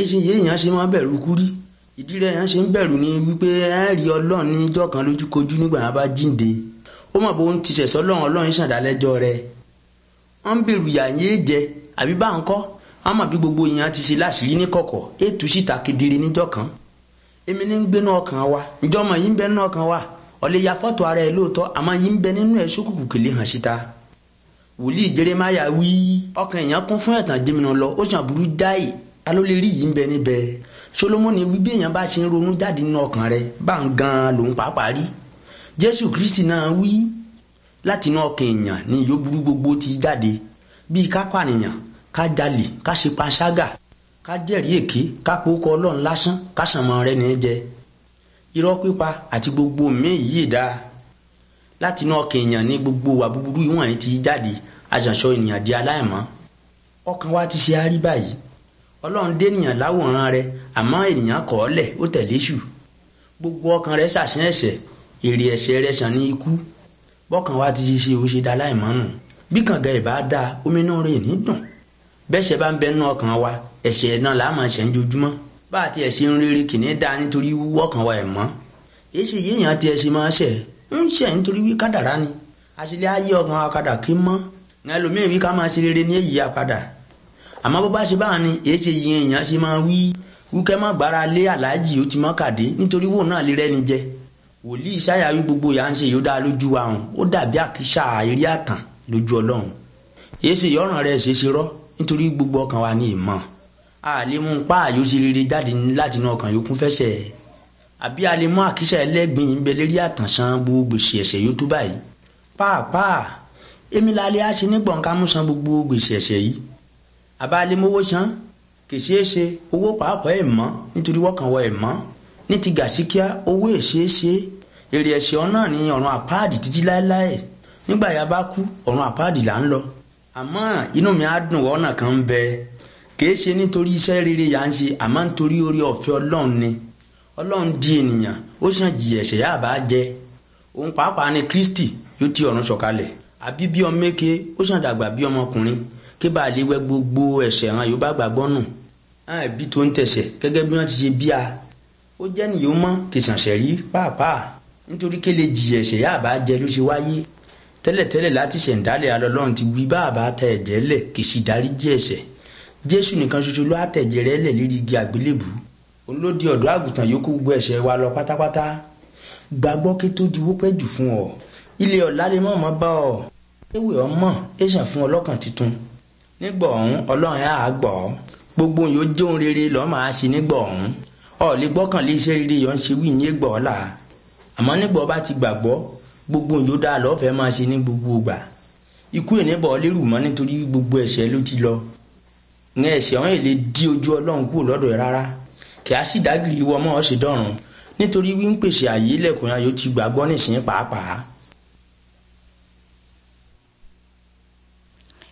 èsì èèyàn ṣe máa bẹ̀rù kúrí rí ìdí rẹ̀ èèyàn ṣe ń bẹ̀rù ni wípé ẹ rí ọlọ́run ní ijọ́ kan lójúkojú nígbà wọn bá jíǹde ó mọ̀ bó ń ti ṣẹ̀ṣọ́ lọ́run ọlọ́run ṣàdálẹ́jọ́ rẹ̀ àbí bá ń gbogbo èèyàn ti ṣe láṣìírí ní ètò kedere níjọ́ kan èmi ní ń ǹjọ́ ń bẹ ara ẹ̀ alólérí yìí ń bẹ níbẹ̀ solomoni wí bí èèyàn bá ṣe ń ronú jáde nínú ọkàn rẹ̀ bá ń gan lòun pàápàá rí jésù kristi náà wí láti inú ọkàn èèyàn ni ìyó burú gbogbo ti jáde bíi ká pànìyàn ká jalè ká ṣe panṣágà ká jẹ́rìí èké ká pòókọ ọlọ́run lásán ká sànmọ́ rẹ̀ ní jẹ irọ́ pípa àti gbogbo míì yìí dáa láti inú ọkàn èèyàn ní gbogbo wà búburú ìwọ̀nyí ti jáde aṣàṣọ ènìyàn di aláìmọ́ ọkàn wa ti ṣe arí báyìí ọlọ́run dénìyàn láwòrán rẹ àmọ́ ènìyàn kọ̀ ọ́ lẹ̀ ó tẹ̀lé ṣù gbogbo ọkàn rẹ ṣàṣìn ẹ̀ṣẹ̀ èrè ẹ̀ṣẹ̀ rẹ ṣàn ní ikú bọ́kàn wa ti ṣe ṣe ó ṣe da láìmọ́nù bí kànga ìbá da omi inú rẹ̀ ní dùn bẹ́ṣẹ̀ bá ń bẹ nú ọkàn wa ẹ̀ṣẹ̀ náà láàmú ẹ̀ṣẹ̀ ń jojúmọ́ bá àti ẹ̀ṣẹ̀ ń rere kì ní da nítorí wíwú ọkàn wa ẹ̀ mọ́ èsì yéèyàn ti ẹ̀ṣẹ̀ máa ṣẹ̀ ń ṣẹ̀ nítorí wí kádàrá ni àṣìlẹ̀ ayé ọkàn wa padà kí mọ́ ẹlòmíì wí ká máa ṣe rere ní èyí yá padà àmọ́ bó bá ṣe báwọn ni èyí ṣe yin èèyàn ṣe máa wí wíkẹ́ má gbára lé aláàjì ó ti mọ́ kàdé nítorí wò náà lè rẹ́ni jẹ wòlíì ṣáyàwí gbogbo yà ń ṣe yóò dáa lójú àrùn ó dàbí àkísà eré àtàn lójú ọlọ́run èyí ṣe yọ̀ràn rẹ̀ ṣe ṣe rọ́ nítorí gbogbo ọkàn wa ni ìmọ̀ a lè mú pa àyòsí rere jáde láti inú ọkàn yòókù fẹsẹ̀ àbí a lè mú àkísà ẹlẹ́gbìn ń bẹ lérí àtànṣán gbogbo ẹ̀ṣẹ̀ yóò tó báyìí pàápàá èmi lálẹ́ á ṣe nígbọ̀n ká mú san gbogbo gbèsè ẹ̀ṣẹ̀ yìí abálémówó san kì í ṣeé ṣe owó pàápàá ẹ̀ mọ́ nítorí wọ́kànwọ́ ẹ̀ mọ́ ní ti gàṣíkíá owó ẹ̀ ṣeé ṣe èrè ẹ̀ṣẹ̀ ọ̀nà ní ọ̀run àpáàdì títí láéláé nígbà yà bá kú ọ̀run àpáàdì là ń lọ àmọ́ inú mi á dùn ọ̀nà kan ń bẹ kì ṣe nítorí iṣẹ́ rere yà ń ṣe àmọ́ nítorí orí ọ̀fẹ́ ọlọ́run ni ọlọ́run di ènìyàn ó sàn jìyà ẹ̀ṣẹ̀ yà bá jẹ òun pàápàá ni Kristi yóò ti ọ̀run sọ̀kalẹ̀ àbí bí ọmọ méke ó sàn dàgbà bí ọmọkùnrin kí bá lè wẹ gbogbo ẹ̀ṣẹ̀ àwọn Yorùbá gbàgbọ́ nù àbí tó ń tẹ̀sẹ̀ gẹ́gẹ́ bí wọ́n ti ṣe bí a ó jẹ́ nìyó mọ́ kì í ṣàṣẹ̀ rí pàápàá nítorí kí lè jìyà ẹ̀ṣẹ̀ yá àbá jẹ ló ṣe wáyé tẹ́lẹ̀tẹ́lẹ̀ láti ṣẹ̀ǹdálẹ̀ alọ́lọ́run ti wí bá àbá ta ẹ̀jẹ̀ lẹ̀ kì í sì dáríjì ẹ̀ṣẹ̀ Jésù nìkan ṣoṣo ló àtẹ̀jẹ̀ rẹ̀ lẹ̀ lérí igi àgbélébù òun ló di ọ̀dọ́ àgùntàn yòókù gbogbo ẹ̀ṣẹ̀ wa lọ pátápátá gbàgbọ́ kí tó di wópẹ́ jù fún ọ ilé ọ̀la lè mọ̀ọ́mọ́ bá ọ ewé ọmọ ẹ̀ṣàn fún ọlọ́kàn tuntun nígbà ọ̀hún ọlọ́run á gbọ́ gbogbo yóò jóun rere lọ́ọ́ máa ṣe nígbà ọ̀hún ọ̀ọ́lẹ́ gbọ́kànlé iṣẹ́ rere yọ̀ ń ṣe wí ní ẹgbọ̀ ọ̀la àmọ́ nígbà ọba ti gbàgbọ́ gbogbo yóò dáa lọ́ọ́ fẹ́ máa ṣe ní gbogbo ìgbà ikú ìníbọ̀ lérù mọ́ nítorí gbogbo ẹ̀ṣẹ̀ ló ti lọ ní ẹ̀ṣẹ̀ ọ̀hún èlé dí ojú ọlọ́run kúrò lọ́dọ̀ ẹ̀ rárá kì á sì dágìrì ìwọ ọmọ ọ̀ṣẹ̀dọ̀rùn nítorí wí ń pèsè àyè ilẹ̀kùn ayò ti gbàgbọ́ nísìnyí pàápàá